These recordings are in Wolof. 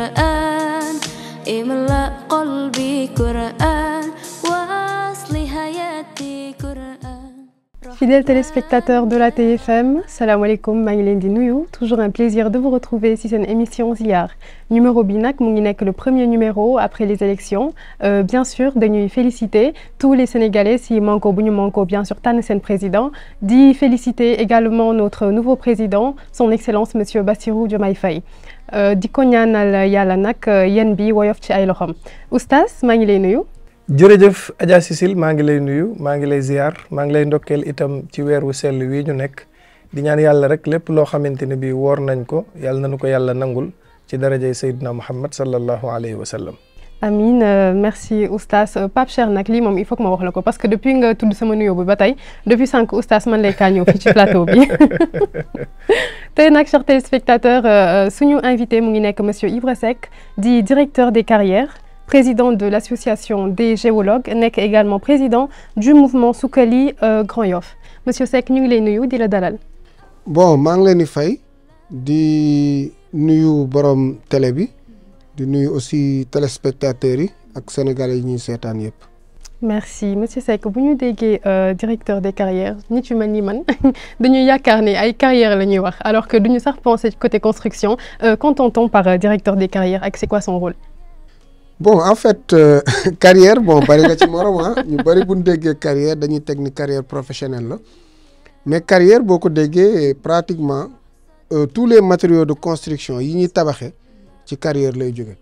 قرآن املأ قلبي قرآن Fidèles téléspectateurs de la TFM, salam alaikum maa ngi leen di nuyu toujours un plaisir de vous retrouver si seen émission ziar numéro bi nag mu nekk le premier numéro après les élections euh, bien sûr dañuy féliciter tous les Sénégalais si manko bu ñu manko bien sûr tànn seen président di féliciter également notre nouveau président son excellence monsieur Bassirou Diomaye Faye euh, di ko ñaanal yàlla nag euh, yéen bi woyof ci ay loxom oustaz maa ngi lay nuyu jërëjëf Adja Cécile maa ngi lay nuyu maa ngi lay ziar maa ngi lay ndokkeel itam ci weeru sell wi ñu nekk di ñaan yàlla rek lépp loo xamante ne bii woor nañ ko yàlla nañu ko yàlla nangul ci darajay Seydina Muhammad sallallahu alayhi wa sallam. Amin euh, merci oustaz euh, Pape Cheikh nag lii moom il faut que ma wax la ko parce que depuis nga tudd sama nuyo bi ba tey depuis sànq oustaz man lay kaa ñëw fii ci plateau bi tey nag chers téléspectateurs euh, suñu invité mu ngi nekk monsieur Ibra Seck di directeur des carrières. président de l'association des géologues nekk également président du mouvement Sukkali euh, Grand Yoff monsieur Seck ñu ngi lay nuyu di le dalal. bon maa ngi leen di fay di nuyu borom télé bi di nuyu aussi téléspectateurs yi ak sénégalais yi ñuy seetaan yëpp. merci monsieur Seck bu ñu déggee euh, directeur des carrières ni yu mel ni man dañuy yaakaar ne ay carrières la ñuy wax alors que duñu sax penser côté construction euh, quentend par directeur des carrières ak c'est quoi son rôle. bon en fait euh, carrière bon bari nga ci morom ah. ñu bari bu ñu déggee dañuy teg ni carrière professionnelle la mais carrière boo ko déggee pratiquement euh, tous les matériaux de construction yi ñuy tabaxee ci carrière lay jóge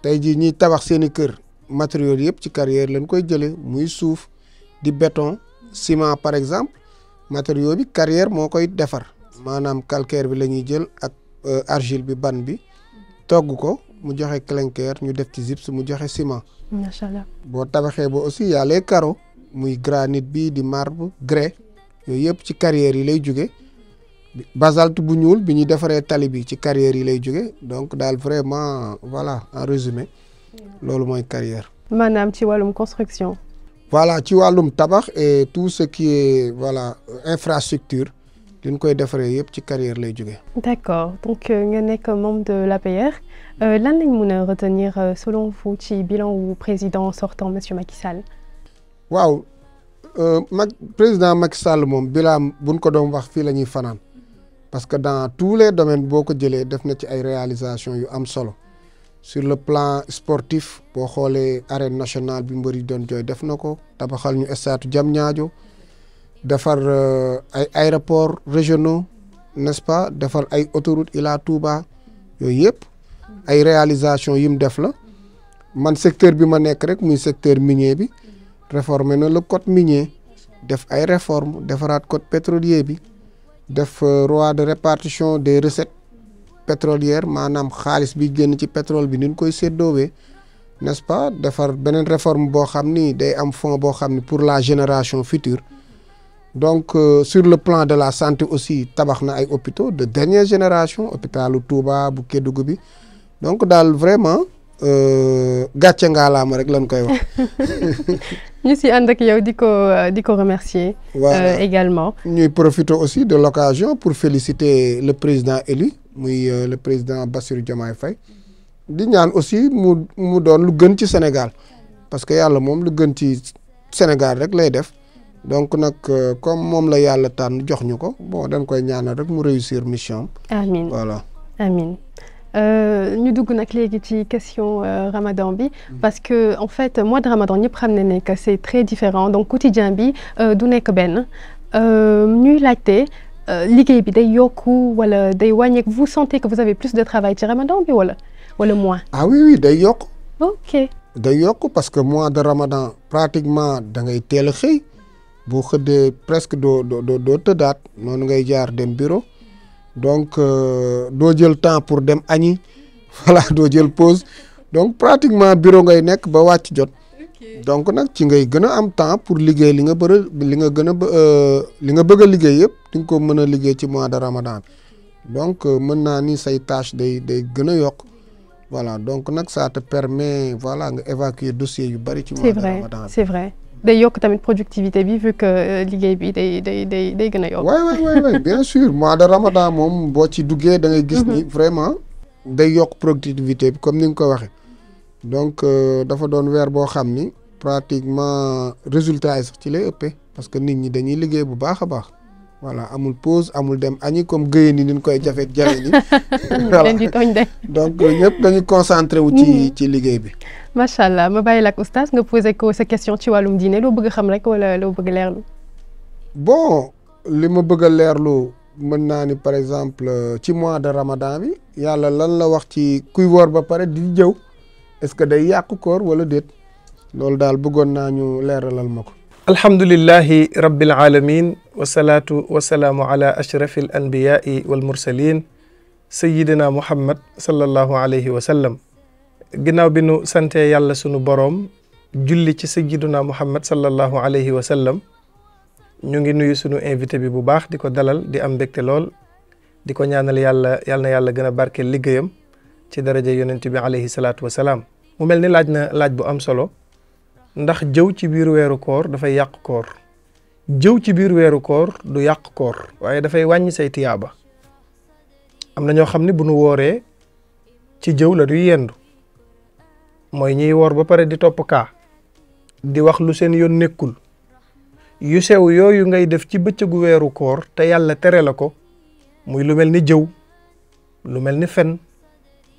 tey jii ñuy tabax seen i kër matériaux yëpp ci carrière lañ koy jëlee muy suuf di beton ciment par exemple matériaux bi carrière moo koy defar maanaam calcaire bi la ñuy jël ak euh, argile bi ban bi togg ko. mu joxe clinker ñu def ci gypse mu joxe ciment. macha allah boo tabaxee ba aussi y a les muy granit bii di marbre grès yooyu yëpp ci carrières yi lay jóge basalte bu ñuul bi ñuy defaree tali bi ci carrières yi lay jóge donc daal vraiment voilà en résumé loolu mooy carrière. maanaam ci wàllum construction. voilà ci wàllum tabax et tout ce qui est voilà infrastructure. li ñu koy defaree yëpp ci carrière lay jóge d'accord donc euh, nga nekk membre de l'APR euh, lan lañ mën a retenir euh, selon vous ci bilan wu président sortant monsieur Macky Sall. waaw mag président Macky Sall moom bilan buñ ko doon wax fii la ñuy fanaan parce que dans tous les domaines boo ko jëlee def na ci ay réalisations yu am solo sur le plan sportif boo xoolee arène national bi mbër yi doon jooy def na ko tabaxal ñu stade Diamniadio defar euh, ay aéroports régionaux n'est-ce pas defar ay autoroute Ila Touba yooyu yëpp ay réalisation yi mu def la man secteur bi ma nekk rek muy secteur minier bi réformer na le code minier def ay réformes defaraat code pétrolier bi def loi euh, de répartition des recettes pétrolières maanaam xaalis bi génn ci pétrole bi ni koy séddoowee n'est-ce pas defar beneen reforme boo xam ni day am fonds boo xam ni pour la génération future donc euh, sur le plan de la santé aussi tabax na ay hôpitaux de dernière génération hôpitalu Touba bu Kédougou bi donc daal vraiment euh, gàcce ngaalaama rek lañ koy wax. ñu si ànd ak di ko euh, di ko remercier. voilà également. ñuy profiter aussi de l'occasion pour féliciter le président élu muy le président Bassirou Diomaye Faye di ñaan aussi mu mu doon lu gën ci Sénégal parce que yàlla moom lu gën ci Sénégal rek lay def. donc nag euh, comme moom la yàlla tànn jox ñu ko boo dañ koy ñaanal rek mu réussir mission am. amiin voilà euh, ñu dugg nag léegi ci question euh, Ramadan bi mm. parce que en fait mois de Ramadan ñëpp xam ne ne que c'est très différent donc quotidien bi du nekk benn ñuy laajte liggéey bi day yokku wala day wàññeek vous sentez que vous avez plus de travail ci Ramadan bi wala wala moins. ah oui oui day yokku ok day yokk parce que mois de Ramadan pratiquement da teel xëy. boo xëddee presque doo doo doo tëddaat noonu ngay jaar dem bureau donc euh, doo jël temps pour dem añi voilà doo jël pause donc pratiquement bureau ngay nekk ba wàcc jot donc nag ci ngay gën a am temps pour liggéey li nga bëra li nga gën a euh, li nga bëgg a liggéey yëpp di nga ko mën a liggéey ci mois de ramadan bi donc euh, mën naa ni say tâche day day gën a yokk voilà donc nag ça te permet voilà nga évacuer dossier yu bëri ci mois de ramadan bi c'est day yokk tamit productivité bi vu que euh, liggéey bi day day day day gën a yokk. waay waay waay bien sûr mois de ramadan moom boo ci duggee da gis mhm. ni vraiment day yokk productivité bi comme ni nga ko waxee donc euh, dafa doon weer boo xam ni pratiquement résultat yi sax ci lay ëppee parce que nit ñi dañuy liggéey bu baax a baax voilà amul pose amul dem añi comme géyee ni niñ koy jafeet jafe ni voilà donc ñëpp dañu concentré wu ci mhm. ci liggéey bi macha allah ma bàyyi la ak oustaz nga posé ko sa question ci wàllum diine loo bëgg a xam rek wala loo bëgg a leerlu. bon li ma bëgg a leerlu mën naa ni par exemple euh, ci mois de ramadan bi yàlla lan la wax ci kuy woor ba pare di jëw est-ce que day yàq koor wala déet loolu daal bëggoon naa ñu leeralal ma ko. alhamdulilahi rabbil alamin wasalaatu wasalaamu ala ashrafi al anbiyaai wal mursalin sayidina muhammad sallallahu alayhi wa sallam ginnaaw bi nu sante yàlla sunu boroom julli ci sayyiduna muhammad sallallahu alayhi wa sallam ñu ngi nuyu sunu invité bi bu baax di ko dalal di am mbégte lool di ko ñaanal yàlla yàlla yàlla gën a barke liggéeyam ci daraja yonent bi alayhi salaatu wa mu mel ni laaj na laaj bu am solo ndax jëw ci biir weeru koor dafay yàq koor jëw ci biir weeru koor du yàq koor waaye dafay wàññi say tiyaaba am na ñoo xam ne bu nu wooree ci jëw la du yendu mooy ñuy woor ba pare di topp kaa di wax lu seen yoon nekkul yu sew yooyu ngay def ci bëccëgu weeru koor te yàlla tere la ko muy lu mel ni jëw lu mel ni fen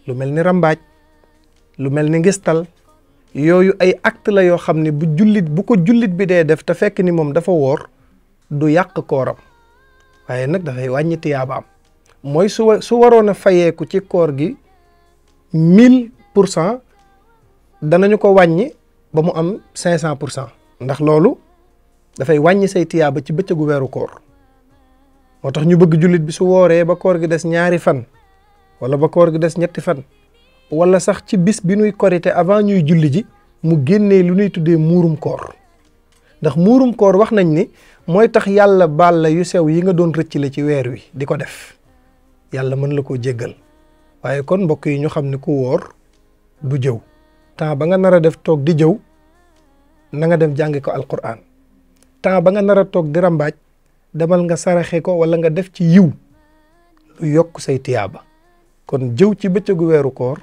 lu mel ni rambaaj lu mel ni ngistal yooyu ay acte la yoo xam ne bu jullit bu ko jullit bi dee def te fekk ni moom dafa woor du yàq kooram waaye nag dafay wàññi tiyaabaam mooy su su waroon a fayeeku ci koor gi mille pour cent danañu ko wàññi ba mu am cent pour cent ndax loolu dafay wàññi say tiyaaba ci bëccëgu weeru koor moo tax ñu bëgg jullit bi su wooree ba koor gi des ñaari fan wala ba koor gi des ñetti fan wala sax ci bis bi nuy korite avant ñuy julli ji mu génnee lu ñuy tuddee muurum koor ndax muurum koor wax nañ ni mooy tax yàlla baal yu sew yi nga doon rëcc la ci weer wi di ko def yàlla mën la koo jéggal waaye kon mbokk yi ñu xam ne ku wóor bu jëw temps ba nga nar a def toog di jëw na nga dem jàngi ko alquran temps ba nga nar a toog di rambaaj demal nga saraxe ko wala nga def ci yiw lu yokk say tiyaaba kon jëw ci bëccëgu weeru koor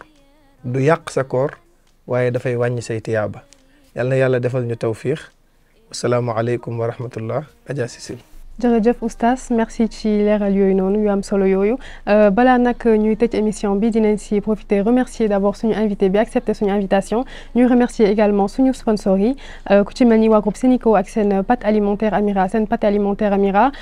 du yàq sa koor waaye dafay wàññi say tiyaaba yàlla yàlla defal ñu tawfiix asalaamualeykum wa rahmatullah aja sisil jërëjëf oustaz merci ci leeral yooyu noonu yu am solo yooyu euh, balaa nag euh, ñuy tëj émission bi dinañ si profiter remercie d' abord suñu invité bi accepté suñu invitation ñuy remercier également suñu sponsor yi euh, ku ci mel ni waa groupe Sénico ak seen pâte alimentaire Amira seen pâte alimentaire Amira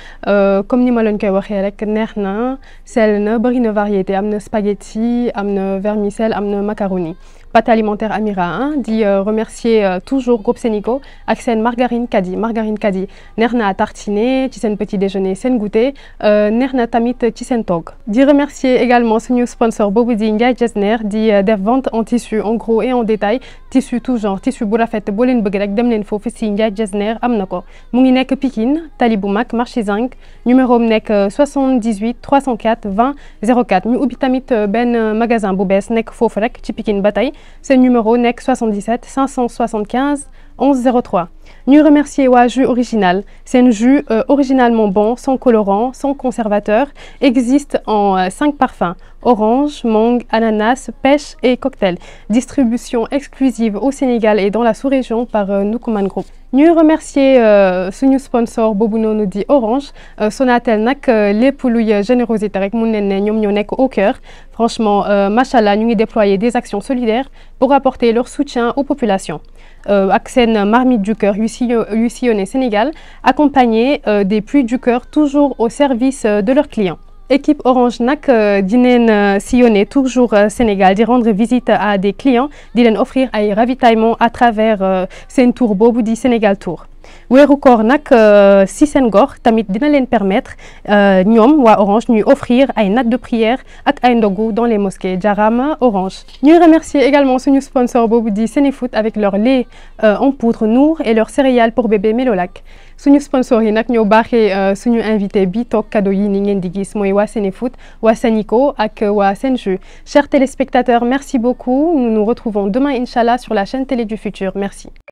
comme ni ma leen koy waxee rek neex na sell na bëri na variété am na spaghetti am na vermicelle am na macaroni pâte alimentaire Amira 1 di euh, remercier euh, toujours groupe Sénico ak seen margarine Kadi margarine Kadi neex na tartiner ci seen petit déjeuner seen goûter euh, neex na tamit ci seen togg. di remercier également suñu sponsor boobu di Ndiaye Jesner di def vente en tissu en gros et en détail tissu tout genre tissu bu rafet boo leen bëgg dem leen foofu si Ndiaye Jesner am na ko mu ngi nekk Pikine tali bu mag marché Zinc numéro mu nekk 78 304 20 04 ñu ubbi tamit benn magasin bu bees nekk foofu rek ci Pikine ba tey Ce numéro nekk 77 575 1103 ñuy remercier waa jus original seen ju euh, originalement bon sans colorant son conservateur existe en euh, cinq parfums orange mangue ananas pêche et cocktail distribution exclusive au Sénégal et dans la sous-région par euh, Nukuman Group ñuy remercier euh, suñu sponsor boobu noonu di Orange euh, Sonatel nag euh, lépp luy générosité rek mun nañ ne ñoom ñoo nekk au cœur franchement machallah ñu ngi déployer des actions solidaires pour apporter leur soutien aux populations ak seen marmite du cœur yu sillonné Sénégal accompagné des pluies du cœur toujours au service de leurs clients équipe Orange nag euh, di leen euh, sillonner toujours euh, Sénégal di rendre visite à des clients di leen offrir ay ravitaillement à travers seen tour boobu di Sénégal Tour weeru koor nag euh, si seen gox tamit dina leen permettre euh, ñoom waa Orange ñuy offrir ay nattes de prière ak ay ndogu dans les mosquées jarama Orange. ñuy remercier également suñu sponsor boobu di Sénéfoot avec leur lait euh, en poudre Nour et leurs céréales pour bébé Melolac suñu sponsor yi nag ñoo baaxee suñu invité bi toog cadeau yi ni ngeen di gis mooy waa Sénéfoot waa Sanico ak waa Senjeu chers téléspectateurs merci beaucoup nous nous retrouvons demain inchallah sur la chaîne télé du merci.